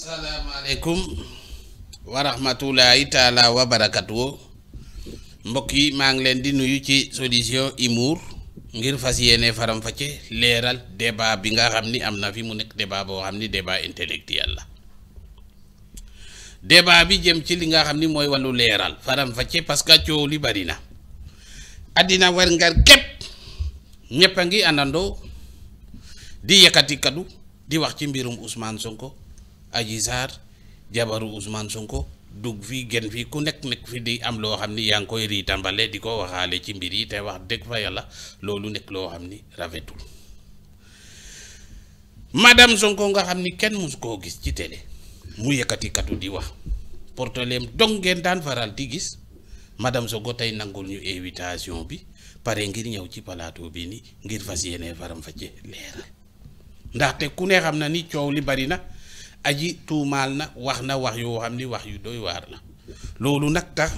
Assalamualaikum warahmatullahi ta'ala wabarakatuh. barakatuh mbokk yi ma ngi len di nuyu ci solution imour ngir fasiyene faram facce leral débat bi nga xamni amna fi mu nek débat bo xamni débat intellectuel la débat bi jëm ci li nga xamni moy walu leral faram facce parce que ciow li bari na adina war nga kep ñëpp a di yekati kadu di wax ci mbirum Ousmane Sonko Adji Sarr jabaru Ousmane Sonko dugg fii genn fii ku nekk nekk fi di am loo xam ni yaa ngi koy rii tàmbale di ko waxaale ci mbir yi te wax dëgg fa yàlla loolu nekk loo xam ni rafetul madam Sonko nga xam ni kenn mësu koo gis ci télé mu yëkkati katu di wax porteleem dong ngeen daan faral di gis madam Sonko tey nangul ñu invitation bi pare ngir ñëw ci plateau bi ni ngir fas yéene faram-fàccee leeral ndaxte ku ne xam na ni coow li bari na. aji tuumaal na wax na wax yoo xam ni wax yu doy waar la loolu nag tax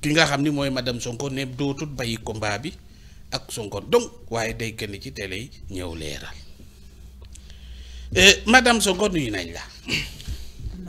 ki nga xam ni mooy madam Sonko ne dootut bàyyi combat bi ak Sonko donc waaye day kenn ci télé yi ñëw leeral eh, madam Sonko nuyu nañ la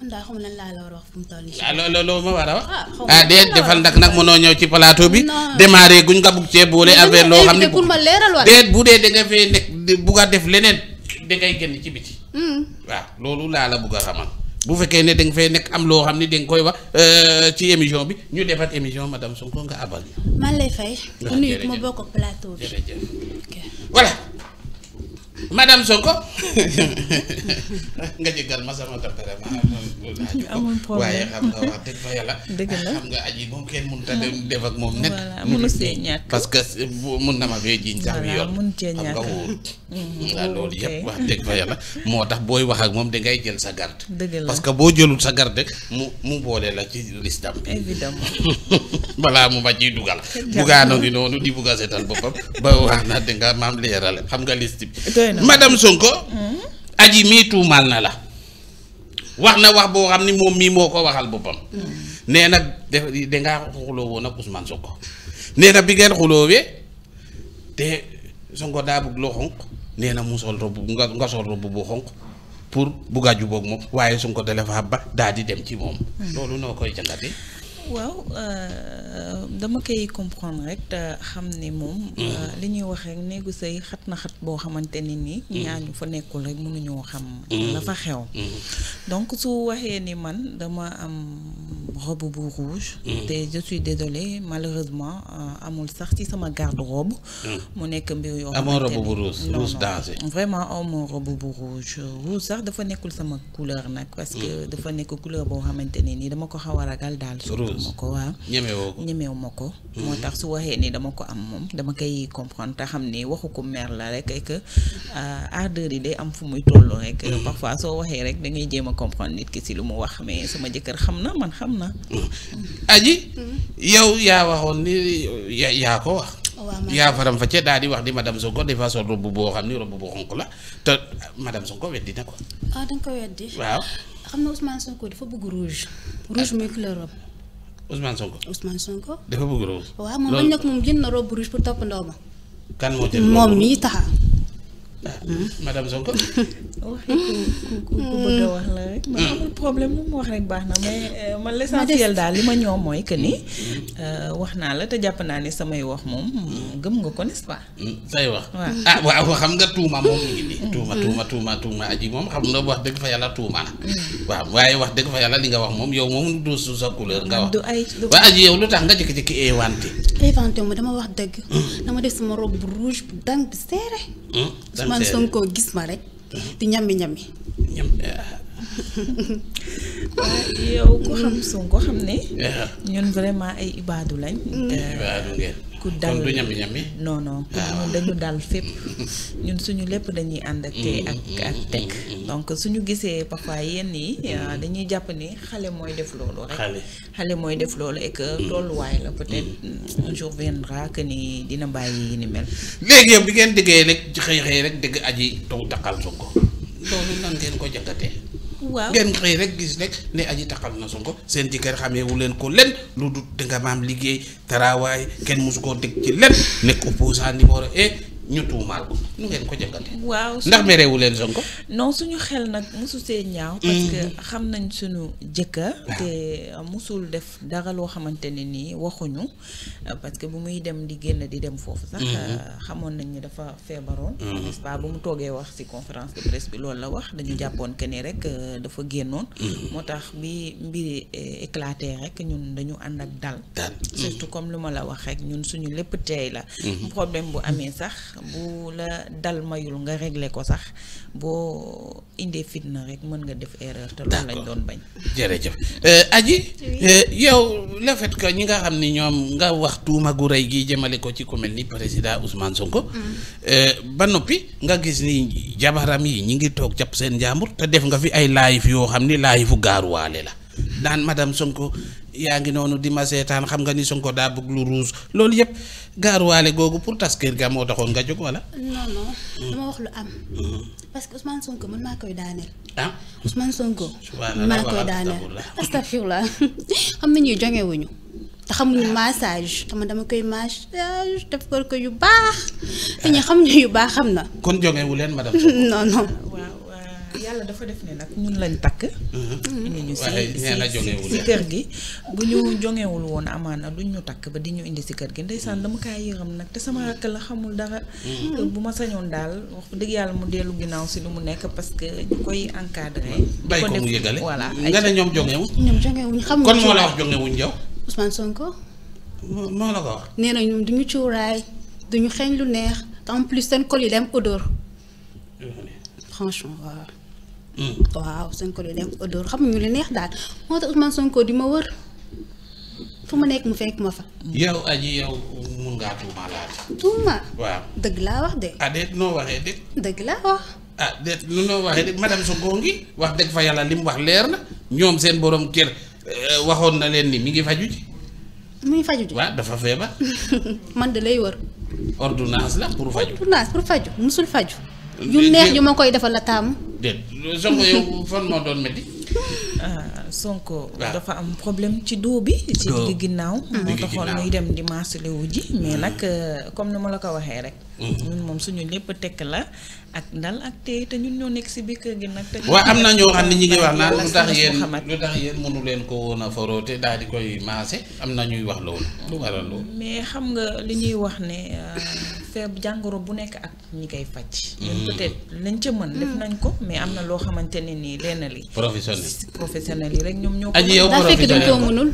loolu ah, loolu ma war a wax ah, ah déet defal ndax nag mënoo ñëw ci palaato bi démarré guñ nga bugg ceeb boole affaire loo xam ne déet bu dee da nga fee nekk bugg a def leneen da ngay génn ci biti hmm. waaw loolu laa la bugg a xamal bu fekkee ne da nga fay nekk am loo xam ne danga koy wax euh, ci émission bi ñu defat émission madame Sonko nga abal ñu. man lay fay. ma bokk plateau bi. voilà. madame Soko nga jéggal ma sama problème waye xam nga wax dëgg fa yàlla xam nga aji mom ken mun ta dem def ak moom nekk mun se ñak parce que mun na ma be jiñ sax bi yoon xam nga wóor nga lool yëpp wax dëgg fa yalla motax boy wax ak mom de ngay jël sa garde parce que bo jëlul sa garde mu mu bolé la ci liste eh, bi évidemment bala mu ba ci dugal bu gaano ngi nonu di bu seetal bopam ba wax na de nga maam leralé xam nga liste madame Sonko. Hmm? aji mii tuumaal na la. wax na wax boo xam ni moom mii moo ko waxal boppam. Hmm. nee nag na dangaa xuloo woon ak Ousmane Sonko. nee na bi ngeen xuloowee te Sonko daa bëgg loo xonq nee na mu sol robb nga nga sol robb bu xonq pour bugg a moom waaye Sonko dalee fa ba daal di dem ci moom. Hmm. loolu noo koy jàngatee. waaw euh, dama koy comprendre rek te xam ni moom. Mm. Euh, li ñuy wax rek néegu sëy xat na xat boo xamante ne nii. Mm. ñaar ñu fa nekkul rek mënuñoo xam. Mm. la fa xew. donc su waxee ni man dama am. robe bu rouge. Mm. te je suis désolée malheureusement euh, amul sax ci sama garde robe. mon mm. nek mbir yo xamante robe bu rouge rouge danger. vraiment amoo robe bu rouge rouge sax dafa nekul sama couleur nak parce que mm. dafa nek couleur bo xamanteni ni dama ko xaw a ragal daal. surtout wa ko waaw ñemewoo ko ñemewu su waxee ni dama ko am mom dama kay comprendre ta xam ni waxu ko mer la rek et que euh, ardeur yi day am fu muy tollu rek. parfois so waxee rek da ngay jéem comprendre nit ki si lu mu wax mais sama jëkkër xamna na man xam na. aji yow yaa waxoon ni yaa ko wax. Oh, yaa faram fa cee daal di wax di madame Sonko dafa sol robe boo xam ni robe bu xonq la te madame Sonko weddi na ko. ah da nga ko weddi. waaw xam na Ousmane Sonko dafa bëgg rouge. rouge muy waaw moom bañ nag moom jënd na robe rouge pour topp ndaw ma. kan moo jënd moom mii taxa. Ah, madame Sonko. waxee ku, ku ku bëgg a wax la rek man amul problème moom wax rek baax na mais man l'essentiel daal li ma ñoo mooy say wax ah waaw xam nga tuuma moom mi ngi nii tuuma tuuma aji moom xam nga wax dëgg fa yàlla tuuma na waaw waaye wax dëgg fa yàlla li nga wax aji yow lu tax nga jëkki-jëkki éwanté éwanté mo dama wax dëgg dama dang bi seere Ousmane rek di ñami ñami ñam ah. ah, yow ko xam Sonko xam ne ah. ñun vraiment ay ibaadu lañ ku dal kon du ñami ñami non ah. dañu dal fépp ñun suñu lépp dañuy ànd ak tey ak mm-hmm. ak teg mm-hmm. donc suñu gisee parfois yenn yi ah, dañuy jàpp ni xale mooy def loolu rek xale mooy def loolu et mm-hmm. tolluwaay la peut-être un jour viendra que ni dina bàyyi yi ni mel léegi yow bi ngeen déggee rek xëy xëy rek dégg aji toog daqal Sonko loolu nan ngeen ko jàngatee waaw ngeen xëy rek gis rek ne aji taxal na Sonko seen jëkkër xamee wu leen ko len lu dul danga maam liggéey taraawaay kenn mosu koo dégg ci len nekk opposant numéro un ñu tuumaal ko nu ngeen ko jàngatee. waaw ndax mereewu leen Sonko. non suñu xel nag mosu see ñaaw. parce mm-hmm. que xam nañ suñu jëkkër. te mosul def dara loo xamante ne nii waxuñu euh, parce que bu muy dem di génn di dem foofu sax. Mm-hmm. Euh, xamoon nañ ni dafa feebaroon. Mm-hmm. n'est-ce pas bu mu toogee wax ci conférence de presse bi loolu la wax dañu jàppoon que ni rek euh, dafa génnoon. moo tax bi mbiri éclaté rek ñun dañu ànd ak dal. surtout comme lu ma la wax rek ñun suñu lépp teey la. problème bu amee sax. bu la dal mayul nga régle ko sax boo indee fitna rek mën nga def erreur te loolu lañ doon bañ jërëjëf euh, aji euh, yow le fait que ñi nga xam ni ñoom nga wax tuuma gu rëy gi jëmale ko ci ku mel ni président Ousmane Sonko mm. euh, ba noppi nga gis ni jabaram yi ñi ngi toog jàpp seen njàmbur te def nga fi ay live yoo xam ni live fu gaaruwaale la daan madame Sonko yaa ngi noonu di ma seetaan xam nga ni Sonko daa bëgg lu ruus loolu yëpp gaaruwaale googu pour tas kër ga moo taxoon nga jóg wala. non hmm. wax lu am. Hmm. parce que Ousmane Sonko man maa koy daaneel. ah Ousmane Sonko. maa koy daaneel xam nañu jonge wuñu te xamuñu massage xam dama koy massage def yu baax. te ah. ñu baax xam na. kon jonge leen madame. non non. yàlla dafa def ne nag ñun lañ takk. Mhm. indi ñu si si si kër gi. bu ñu jongewul woon amaana duñ ñu takk ba di ñu indi si kër gi ndeysaan dama kaa yëram nag te sama rakk la xamul dara. Mhm. bu ma sañoon daal wax dëgg yàlla mu dellu ginnaaw si lu mu nekk parce que ñu koy encadré. Mhm. bàyyi ko mu yëgale voilà nga ne ñoom jongewuñ. ñoom jongewuñ xam nga kon moo la wax jongewuñ yow. Ousmane Sonko. moo la ko wax. nee na ñoom duñu cuuraay duñu xeeñ lu neex te en plus seen col yi dem odeur franchement waaw. Mm. waaw Sonko di dem ko dóor xamuñu li neex daal moo tax Ousmane Sonko di ma wër fu ma nekk mu fekk ma fa. yow aji yow mun ngaa tuumaalaat. tuuma. waaw dëgg laa wax de. ah déet noo waxee de. dëgg laa wax. ah déet lu noo waxee wax dëgg fa yàlla li mu wax leer na ñoom seen borom kër eh, waxoon na leen ni mi ngi faju ji. faju ji dafa feebar. man de lay wër. ordonnance la pour faju ordonnance pour faju musul faju yu neex yu ma koy defal la taamu. déet Sonko yow fan moo doon ah, ah. dafa am problème ci doo bi. ci digg ginnaaw moo taxoon muy dem di maasale wu ji. mais hmm. nag euh, comme ni ma la ko waxee rek. Mhm. ñun moom suñu lépp tekk la ak dal ak tey te ñun ñoo nekk si biir kër gi nag. te waaw am na ñoo xam ne ñu ngi wax naan lu tax yéen lu leen ko woon a foroote daal di koy maase am na ñuy wax loolu. lu waral mais xam nga li ñuy wax ne euh, feeb jàngoro bu nekk ak ñi koy faj. ñun mhm. peut-être lañ ca mën def nañ ko mais am na loo xamante ne nii lenn li. professionnel professionnel yi rek ñoom ñoo. aji yow daa fekk dañ ko mënul.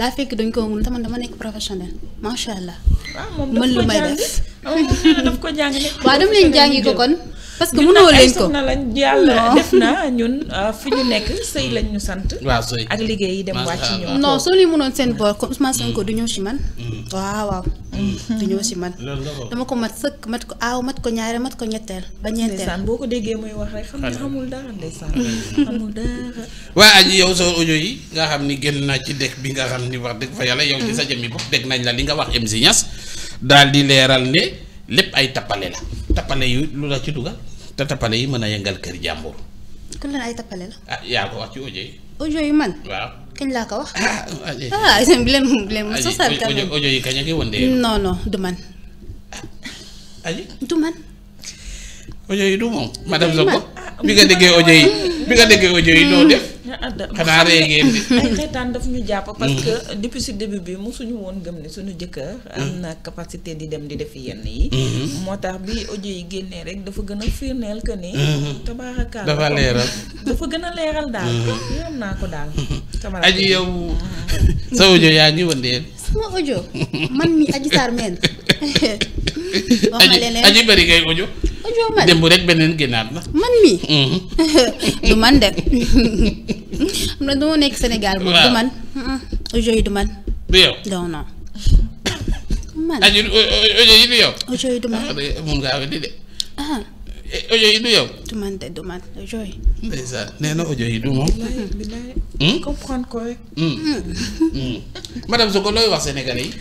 daa fekk dañ ko mënul tamit dama nekk professionnel macha allah. Ah, Oh, daf ko jàng nekk. waaw dem leen jàngi ko kon. parce que mënoo leen ko na lañ yàlla def na ñun euh, fi ñu nekk sëy lañ ñu sant. waaw sëy ak liggéey yi dem wàcc ñoo. non soo leen mënoon seen mm. boor comme Ousmane Sonko mm. du ñëw si man. Mm. waaw waaw. du ñëw si man. dama ko mat sëkk mat ko aaw mat ko ñaare mat ko ñetteel ba ñeenteel. ndeysaan boo ko déggee muy wax rek xam ne xamul dara ndeysaan. xamul waa aji yow soo audio yi nga xam ni génn naa ci dëkk bi nga xam ni wax dëgg fa yàlla yow ci sa jëmmi bopp dégg nañ la li nga wax MC Niass dal di leeral ne lepp ay tapale la tapale yu lu la ci dugal ta tapale yi meuna yengal keur jambour ko kan len ay tapale la. ah ya ko wax ci audio yi. man. waaw kagn la ko wax. ah ah bi len bi len mo sosal kan audio yi kagn a ngi wëndee. non non du man. aji ah, du man. audio du mom madame zoko bi nga déggee audio bi nga déggee audio do def. Nah, ada xanaare ngeen di ay xeetaan daf ñu jàpp parce mm. que depuis si début bi mosuñu woon gëm suñu am mm. na capacité di dem di def yenn yi mm-hmm. moo bi audio yi génnee rek dafa gën a que ni mm-hmm. tabaarakaal dafa leeral dafa gën a mm-hmm. ko aji yow sa audio yaa sama audio man mi aji Sarr aji bari ngay audio joo man démb rek beneen génnaat la. man mii. Mm-hmm. du man de xam na dama nekk Sénégal. waaw du man. du man. du yow man aju audio yi du yow. du man ah, mun ngaa weddi de. Ah. du man de du man audio yi. ndeysaan nee yi du moom. Hmm? comprendre ko rek. Hmm. Hmm. madame looy wax sénégalais yi.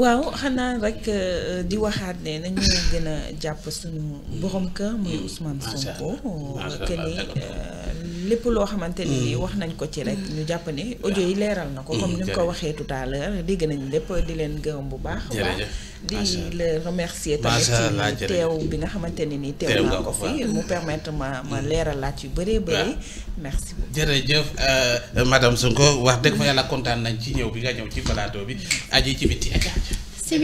waaw xanaa rek euh, di waxaat ne nañu gën a jàpp suñu borom kër muy mm. usmaan Sonko que lépp loo xamante ni mm. wax nañ ko ci rek mm. ñu jàpp ni audio yi leeral na ko comme ni mu ko mm. waxee tout à l'heure nañ lépp di leen gërëm bu baax baax di la remercier tamit teew bi nga xamante ni nii teew naa ko fi mu permettre ma ma leeral laaj yu bëree bëri merci beaucoup jërëjëf euh, madame Sonko wax dëgg fa yàlla kontaan nañ ci ñëw bi nga ñëw ci plateau bi aji ci biti si